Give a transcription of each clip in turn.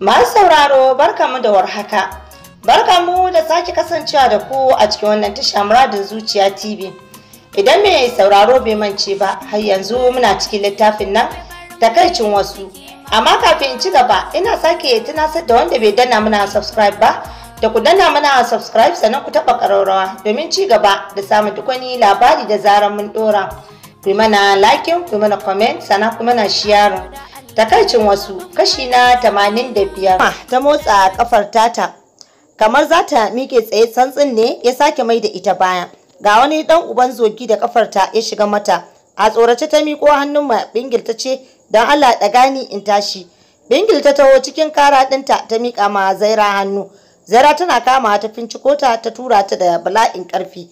Masu sauraro barkamu da warhaka. Barkamu da sake kasancewa da ku a cikin wannan tasha muradin zuciya TV. Idan mai sauraro bai mance ba, har yanzu muna cikin littafin nan takaicin wasu. Amma kafin in ci gaba, ina sake tunasar da wanda bai danna muna subscribe ba, da ku danna muna subscribe sannan ku taɓa ƙararrawa domin ci gaba da samun duk wani labari da zarar mun dora Ku mana liking, ku mana comment, sannan ku mana sharing. takaicin wasu kashi na 85 ta motsa kafar tata kamar za ta miƙe tsaye tsantsin ne ya sake mai da ita baya ga wani dan uban zogi da kafar ya shiga mata a tsorace ta miƙo hannun ma bingil ta ce don Allah ɗaga gani in tashi bingil ta taho cikin kara ɗinta ta miƙa ma zaira hannu zaira tana kama ta finciko ta ta tura ta da bala'in ƙarfi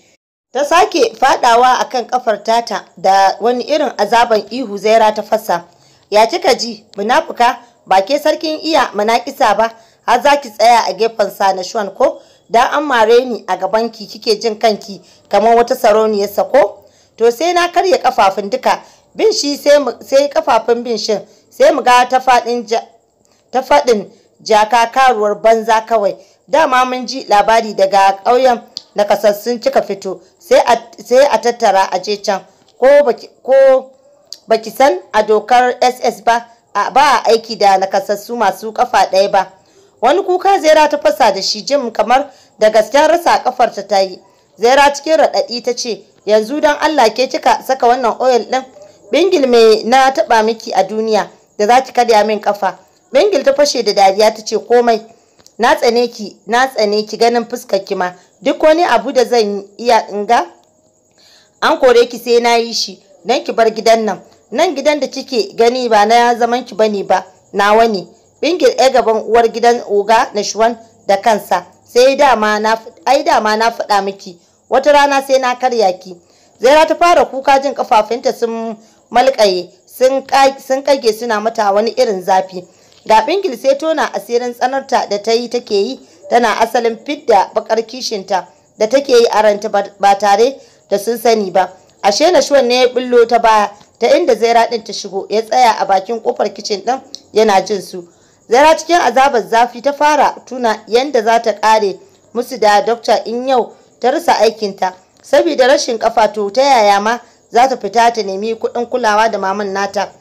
ta sake faɗawa akan kafar tata da wani irin azaban ihu zaira ta fasa ya kika ji munafuka ba ke sarkin iya munakisa ba har za ki tsaya a gefen sa na shuwan ko Da an mare ni a gaban ki kike jin kanki kamar wata sarauniyar sa ko to sai na karya kafafun duka bin shi sai sai kafafun bin shin sai mu ga ta fadin ta fadin jaka karuwar banza kawai dama mun ji labari daga ƙauyen nakasassun kika fito sai a tattara a je can ko ko baki san a dokar ss ba a ba aiki da nakasassu masu kafa ɗaya ba wani kuka Zera ta fasa da shi jim kamar da gasken rasa kafar ta ta yi zaira cikin raɗaɗi ta ce yanzu don allah ke kika saka wannan oil ɗin bingil mai na taɓa miki a duniya da za ki karya min kafa bingil ta fashe da dariya ta ce komai na tsane ki na tsane ki ganin fuskar ki ma duk wani abu da zan iya inga an kore ki sai na yi shi don ki bar gidan nan nan gidan da kike gani ba na zaman ki bane ba nawa ne bingir ɗaya gaban uwar gidan oga na shuwan da kansa sai dama na ai dama na faɗa miki wata rana sai na karya ki zaira ta fara kuka jin kafafinta sun malkaye sun kage suna mata wani irin zafi ga bingil sai tona asirin tsanarta da ta yi take yi tana asalin fidda bakar kishinta da take yi a ranta ba tare da sun sani ba ashe na shuwan ne ya billo ta baya ta inda zaira din ta shigo ya tsaya a bakin kofar kicin din yana jin su zaira cikin azabar zafi ta fara tuna yanda za ta kare musu da dokta in yau ta rasa ta saboda rashin kafa to ta yaya ma za ta fita ta nemi kuɗin kulawa da maman nata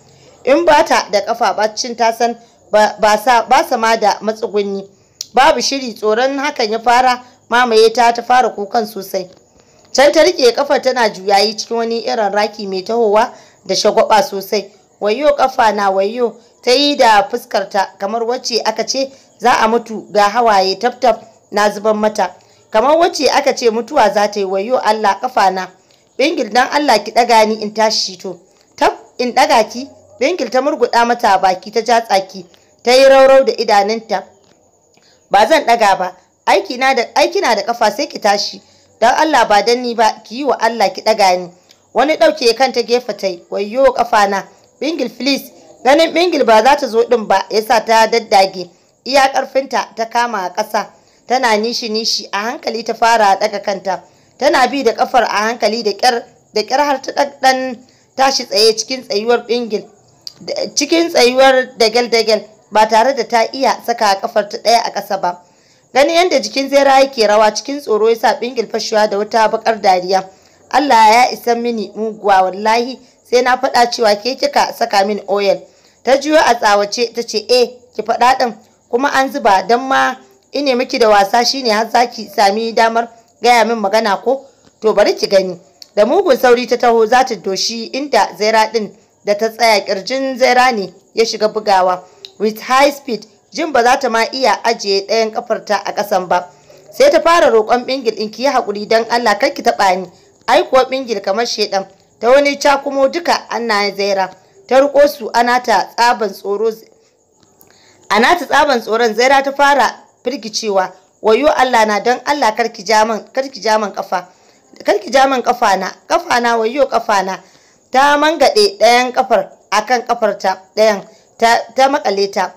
in ba ta da kafa cin ta san ba sa ba ma da matsugunni babu shiri tsoron hakan ya fara mamaye ta ta fara kukan sosai can ta rike kafar tana juyayi cikin wani irin raki mai tahowa da shagwaba sosai wayo kafa na wayo ta yi da fuskarta kamar wacce aka ce za a mutu ga hawaye taftaf? na zuban mata kamar wacce aka ce mutuwa za ta yi wayo Allah kafa na bingil dan Allah ki daga ni in tashi to tab in daga ki bingil ta murguda mata baki ta ja tsaki ta yi raurau da idanunta ba zan daga ba aiki na da aiki na da kafa sai ki tashi dan Allah ba dan ni ba ki yi wa Allah ki daga ni wani ɗauke kan ta gefe ta yi kafa na. bingil filis ganin bingil ba za ta zo ɗin ba yasa ta daddage iya ƙarfinta ta kama a ƙasa tana nishi nishi a hankali ta fara ɗaga kanta tana bi da ƙafar a hankali da ƙyar da ƙyar har ta ɗan tashi tsaye cikin tsayuwar bingil cikin tsayuwar dagal-dagal ba tare da ta iya saka ƙafar ta ɗaya a ƙasa ba. Ganin yadda jikin zera yake rawa cikin tsoro ya sa bingil fashewa da wata baƙar dariya. Allah ya isa mini muguwa wallahi sai na faɗa cewa ke kika saka mini oil ta juyo a tsawace ta ce eh ki faɗa ɗin kuma an zuba don ma ine miki da wasa shine har zaki sami damar gaya min magana ko to bari ki gani da mugun sauri ta taho za ta doshi inda zaira ɗin da ta tsaya kirjin zaira ne ya shiga bugawa with high speed jin ba za ta ma iya ajiye ɗayan kafarta a ƙasan ba sai ta fara roƙon bingil in ki yi haƙuri don Allah kar ki taɓa ni ai kuwa bingil kamar shedan ta wani cakumo duka ana zaira ta riko su anata tsaban tsoro ta tsaban tsoron zaira ta fara firgicewa wayo Allah na don Allah karki jaman karki jaman kafa karki jaman kafa na kafa na wayo kafa na ta mangade ɗayan kafar akan kafarta ɗayan ta, ta makale ta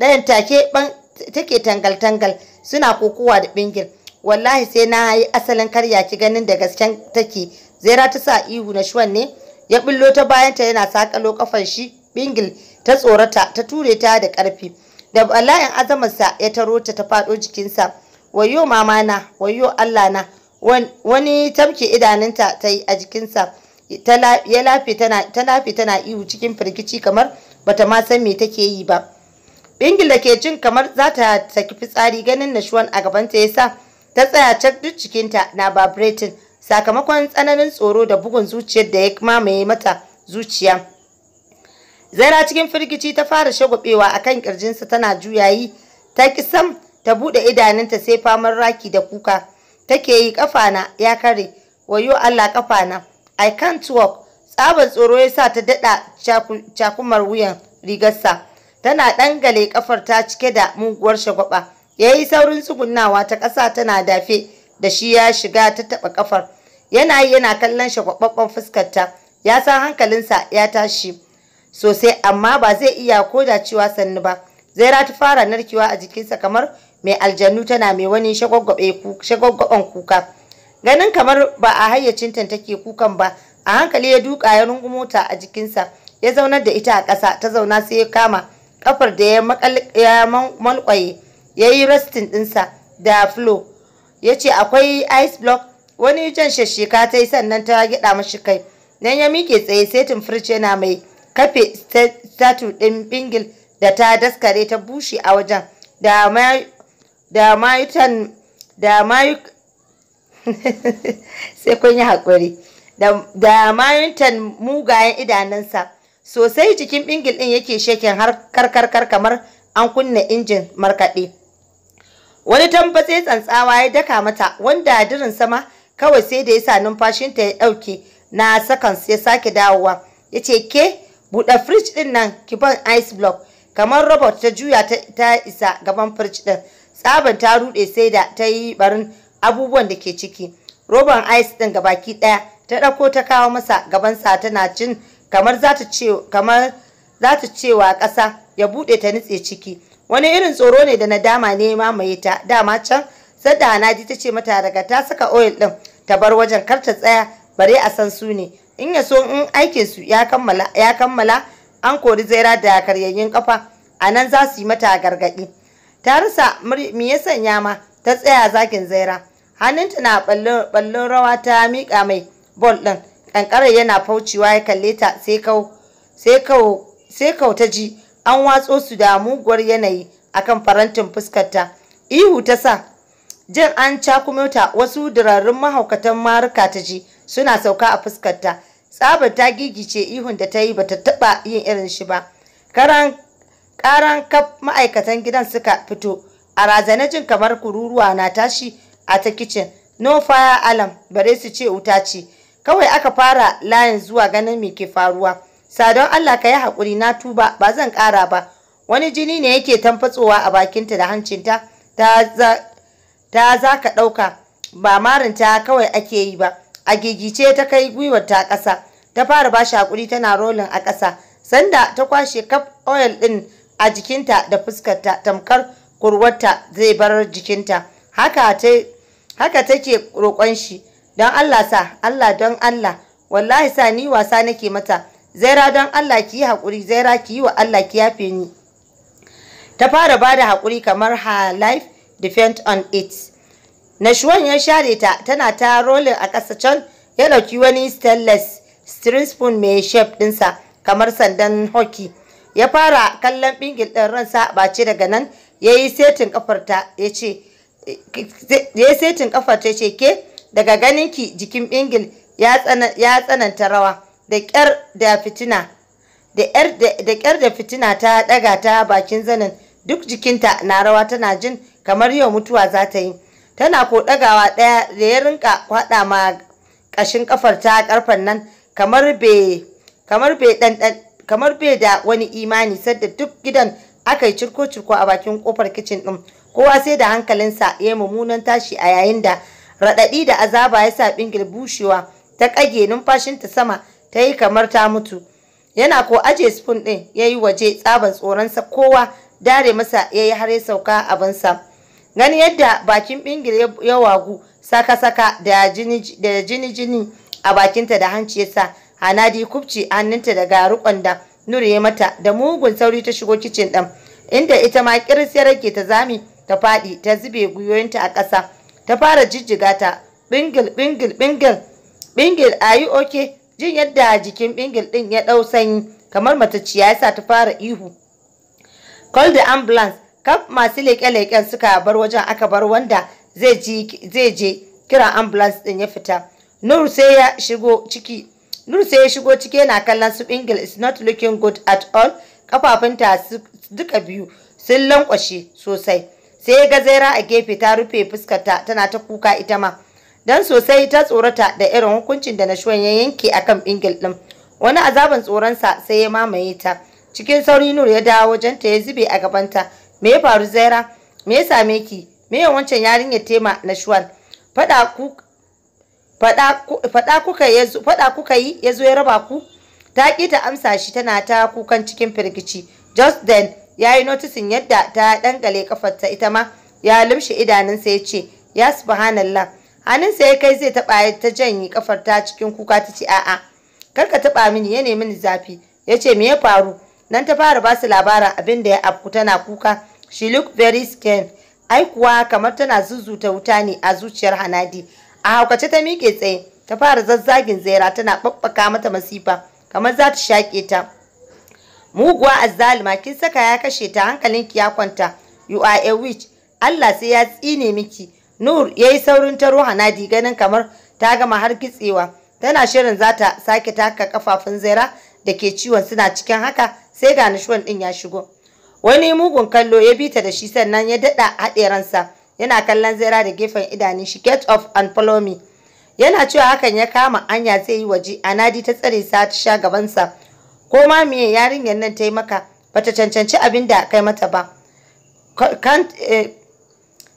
ɗayan take ban take tangal tangal suna kokowa da bingil wallahi sai na yi asalin karya ki ganin da gasken take zaira ta sa ihu na shuwan ne ya billo ta bayanta yana sakalo kafan shi bingil ta tsorata ta ture ta da karfi da bala'in azamarsa ya taro ta ta faɗo jikinsa wayo mama na wayo allah na wani tamke idanunta ta yi a jikinsa ya lafe tana, tana ihu cikin firgici kamar bata ma san me take yi ba bingil da ke jin kamar za ta saki fitsari ganin nashuwan a gabanta ya sa ta tsaya cak duk cikinta na vibrating sakamakon tsananin tsoro da bugun zuciyar da ya mamaye mata zuciya zaira cikin firgici ta fara shagwabewa kan kirjinsa tana juyayi ta ki sam ta buɗe idanunta sai faman raki da kuka take yi na, ya kare wayo Allah kafana i can't walk tsabar tsoro ya sa ta daɗa cakumar wuyan rigarsa tana ɗangale kafar ta cike da muguwar shagwaba Yayi saurin tsugunnawa ta ƙasa tana dafe da shi ya shiga ta taɓa ƙafar yana yi yana kallon fuskar fuskarta ya san hankalinsa ya tashi sosai amma ba zai iya koda cewa sannu ba zaira ta fara narkewa a jikinsa kamar mai aljanu tana mai wani shagwagwaban kuka ganin kamar ba a hayyacinta take kukan ba a hankali ya duka ya rungumo a jikinsa ya zaunar da ita a ƙasa ta zauna sai ya kama kafar da ya malƙwaye ya yi rastin ɗinsa da flo ya ce akwai ice block wani jan shashika ta yi sannan ta gida mashi kai nan ya miƙe tsaye setin firce yana mai kafe statu ɗin bingil da ta daskare ta bushe a wajen da mayutan da mayuk sai kun yi haƙuri da mayuntan mugayen idanunsa sosai jikin bingil ɗin yake shekin har karkarkar kamar an kunna injin markaɗe wani tambatse tsantsawa ya daka mata wanda dirin sama kawai sai da yasa numfashinta ya ɗauke na sakan ya sake dawowa ya ce ke buɗe fridge ɗin nan ki ban ice block kamar robot ta juya ta, isa gaban fridge ɗin tsaban ta ruɗe sai da ta yi barin abubuwan da ke ciki roban ice ɗin ga baki ɗaya ta ɗauko ta kawo masa gabansa tana cin kamar za ta ce kamar za ta cewa ƙasa ya buɗe ta nutse ciki wani irin tsoro ne da nadama ne mamaye ta dama can sadda Hanaji ta ce mata daga ta saka oil din ta bar wajen kar ta tsaya bare a san su ne in ya so in aikin su ya kammala ya kammala an kori zaira da karyayyen kafa a nan za su yi mata gargadi. ta rasa me ya sanya ma ta tsaya zakin zaira hannunta na ballon rawa ta miƙa mai ball ɗin ƙanƙarar yana faucewa ya kalle ta sai kau ta ji an watso su da muguwar yanayi akan farantin fuskarta ihu ta sa jin an cakumota wasu durarrun mahaukatan maruka ta ji suna sauka a fuskarta tsabar ta gigice ihun da ta yi bata taɓa yin irin shi ba karan karan kaf ma'aikatan gidan suka fito a razana jin kamar kururuwa na tashi a ta kicin no fire alarm bare su ce wuta ce kawai aka fara layin zuwa ganin me ke faruwa Sa don Allah ka yi haƙuri na tuba ba zan ƙara ba wani jini ne yake tamfatsowa a bakinta da hancinta ta za ka ɗauka ba marinta kawai ake yi ba a gigice ta kai gwiwar ta ƙasa ta fara ba shi haƙuri tana rolin a ƙasa sanda ta kwashe kaf oil ɗin a jikinta da fuskarta tamkar kurwarta zai bar jikinta haka haka take roƙon shi don Allah sa Allah don Allah wallahi sa ni wasa nake mata zaira don Allah ki yi haƙuri zaira ki yi wa Allah ki yafe ni ta fara ba da haƙuri kamar her life depend on it Nashwan ya share ta tana ta rolling a ƙasa can ya ɗauki wani stainless string spoon mai shape ɗinsa kamar sandan hockey ya fara kallon bingil ɗin ransa ba ce daga nan ya yi setin ƙafarta ya ce ya yi setin ƙafarta ce ke daga ganin ki jikin bingil ya tsananta rawa da ƙyar da fitina da ƙyar da fitina ta ɗaga ta bakin zanin duk jikinta na rawa tana jin kamar yau mutuwa za ta yi tana ko ɗagawa ɗaya da ya rinka kwaɗa ma ƙashin ƙafar ta ƙarfen nan kamar bai kamar be da wani imani sadda duk gidan aka yi cirko-cirko a bakin ƙofar kicin ɗin kowa sai da hankalinsa ya yi mummunan tashi a yayin da raɗaɗi da azaba ya sa ɓingil bushewa ta ƙage numfashinta sama ta yi kamar ta mutu yana ko aje spoon ɗin ya yi waje tsaban tsoronsa kowa dare masa ya yi har ya sauka sa. gani yadda bakin bingil ya wagu saka-saka da jini-jini a bakinta da hanci ya sa hanadi kubci hannunta daga rukon da nuri ya mata da mugun sauri ta shigo kicin ɗin inda ita ma kirsiyar rake ta zami ta faɗi ta zube gwiwoyinta a ƙasa ta fara jijjiga ta bingil bingil bingil bingil a yi oke jin yadda jikin bingil din ya dau sanyi kamar matacciya yasa ta fara ihu call the ambulance kaf masu leƙe-leƙen suka bar wajen aka bar wanda zai je kira ambulance din ya fita nur sai ya shigo ciki nur sai ya shigo ciki yana kallon su bingil is not looking good at all kafafunta duka biyu sun lankwashe sosai sai ya ga zaira a gefe ta rufe fuskarta tana ta kuka ita ma dan sosai ta tsorata da irin hukuncin da Nashuwan ya yanke akan bingil ɗin, wani azaban tsoronsa sai ya mamaye ta cikin sauri Nur ya dawo wajen ta ya zube a gabanta me ya faru Zaira me ya same ki me ya wancan yarinyar tema Nashwan fada ku fada kuka ya fada kuka yi ya zo ya raba ku ta ki ta amsa shi tana ta kukan cikin firgici just then ya yi notisin yadda ta dangale kafarta ita ma ya lumshe idanunsa ya ce ya subhanallah hannunsa ya kai zai taɓa ta janye kafar ta cikin kuka ta ce a'a kar ka taɓa mini ya nemi ni zafi ya ce me ya faru nan ta fara ba su labarin abin da ya afku tana kuka she look very scared ai kuwa kamar tana zuzuta wuta ne a zuciyar hanadi a haukace ta miƙe tsaye ta fara zazzagin zaira tana babbaka mata masifa kamar za ta shaƙe ta muguwa azzalima kin saka ya kashe ta hankalinki ya kwanta you are a witch Allah sai ya tsine miki Nur ya yi saurin taro Hanadi ganin kamar ta gama har kitsewa. Tana shirin za ta sake taka kafafun zaira da ke ciwon suna cikin haka sai ga nishuwan ɗin ya shigo. Wani mugun kallo ya bi ta da shi sannan ya daɗa haɗe ransa yana kallon zaira da gefen idanun shi get off and follow Yana cewa hakan ya kama anya zai yi waje Anadi ta tsare sa ta sha gabansa. Ko ma miye yarinyar nan ta yi maka bata cancanci abin da kai mata ba. Eh,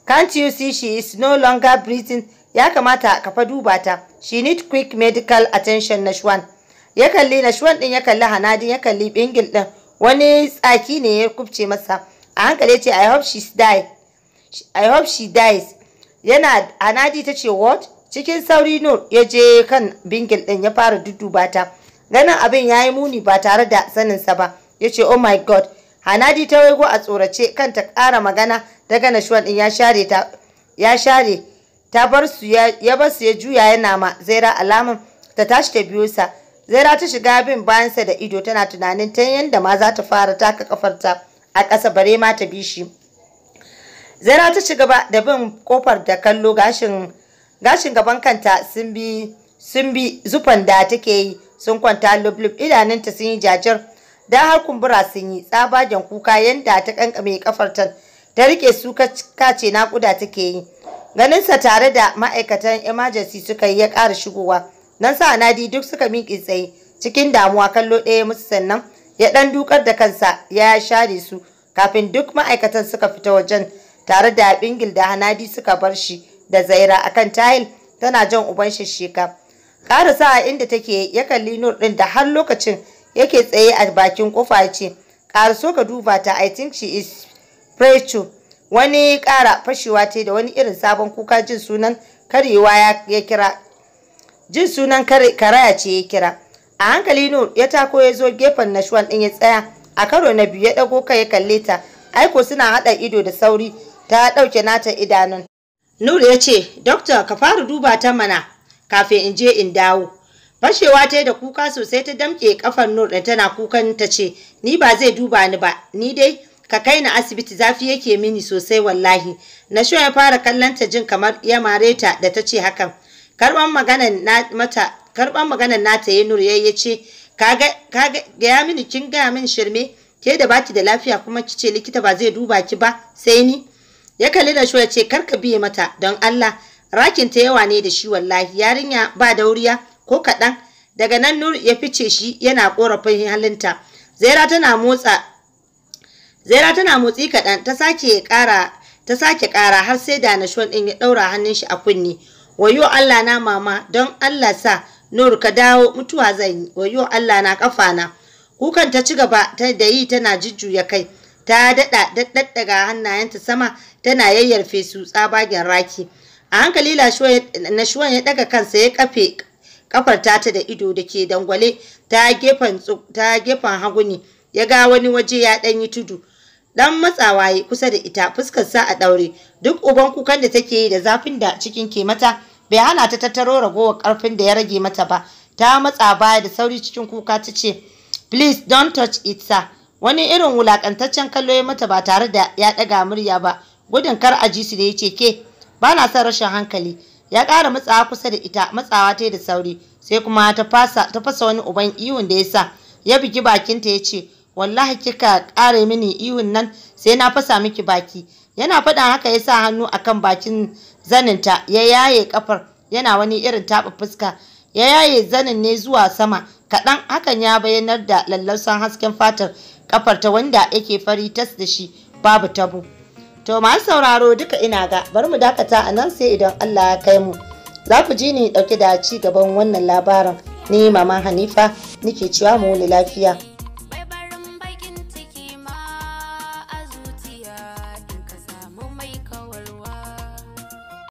Can't you see she is no longer breathing? Ya kamata ka fa duba ta. She need quick medical attention Nashwan. Ya kalli Nashwan din ya kalli Hanadin ya kalli Bingil din. Wani tsaki ne ya kubce masa. A hankali ce I hope she die. I hope she dies. Yana Hanadi ta ce what? Cikin sauri Nur ya je kan Bingil din ya fara dudduba ta. Ganin abin yayi muni ba tare da saninsa ba. Ya ce oh my god. Hanadi ta waigo a tsorace kanta ƙara magana daga Nashwan ɗin ya share ta ya share ta bar su ya bar su ya juya yana ma Zaira alamun ta tashi ta biyo sa. Zaira ta shiga bin bayansa da ido tana tunanin ta yanda ma za ta fara taka kafarta a ƙasa bare ma ta bi shi. Zaira ta ci gaba da bin kofar da kallo gashin gashin gaban kanta sun bi sun bi zufan da take yi sun kwanta lublub idanunta sun yi jajar da har kumbura sun yi tsabagen kuka yanda ta kankame kafarta ta rike su kace kuda take yi ganinsa tare da ma'aikatan emergency suka yi ya ƙara shigowa nan sa nadi duk suka miƙe tsaye cikin damuwa kallo ɗaya musu sannan ya ɗan dukar da kansa ya share su kafin duk ma'aikatan suka fita wajen tare da bingil da hanadi suka bar shi da zaira akan tayil tana jan uban shishika Ƙara sa inda take ya kalli nur ɗin da har lokacin yake tsaye a bakin kofa ce so ka duba ta i think she is preacher wani ƙara fashewa ce da wani irin sabon kuka jin sunan karyewa ya kira jin sunan karaya ce ya kira a hankali nur ya tako ya zo gefen shuwan ɗin ya tsaya a karo na biyu ya ɗago kai ya kalle ta aiko suna haɗa ido da sauri ta ɗauke nata idanun nur ya ce dokta ka fara duba ta mana kafin in je in dawo fashewa ta da kuka sosai ta damke kafar nur da tana kukan ta ce ni ba zai duba ni ba ni dai ka kai ni asibiti zafi yake mini sosai wallahi na sho ya fara kallon ta jin kamar ya mare ta da ta ce hakan karban maganar na mata karban na nata ya nur ya ce kaga kaga gaya mini kin gaya min shirme ke da baki da lafiya kuma kice likita ba zai duba ki ba sai ni ya kalli na sho ya ce kar ka biye mata don Allah rakin ta yawa ne da shi wallahi yarinya ba dauriya ko kaɗan daga nan nur ya fice shi yana korafin halinta zaira tana motsi kaɗan ta sake ƙara har sai da shon ɗin ya ɗaura hannun shi a kunni wayo allah na mama don allah sa nur ka dawo mutuwa zan yi wayo allah na na. kukan ta ci gaba ta da yi tana jujjuya kai ta daɗa daɗaɗɗaga hannayenta sama tana yayyarfe su tsabagen raki a hankali na shuwan ya ɗaga kansa ya kafe kafar tata da ido da ke dangwale ta gefen haguni. hagu ne ya ga wani waje ya dan yi tudu dan matsawaye kusa da ita fuskar sa a daure duk uban kukan da take yi da zafin da cikin ke mata bai hana ta tattaro ragowar karfin da ya rage mata ba ta matsa baya da sauri cikin kuka ta ce please don't touch it sir wani irin wulakantaccen kallo ya mata ba tare da ya daga murya ba gudun kar a ji su da ya ce ke ba na son rashin hankali ya ƙara matsawa kusa da ita matsawa ta da sauri sai kuma ta fasa wani uban ihun da ya sa ya bugi bakinta ya ce wallahi kika ƙare mini ihun nan sai na fasa miki baki yana faɗan haka ya sa hannu akan bakin zaninta ya yaye kafar yana wani irin taɓa fuska ya yaye zanin ne zuwa sama kaɗan hakan ya bayyanar da lallausan hasken fatar kafar ta wanda yake fari tas da shi babu tabo To masu sauraro duka ina ga bari mu dakata a nan sai idan Allah ya kai mu. Za ku ji ni dauke da ci gaban wannan labarin ni mama Hanifa nike cewa mu wani lafiya.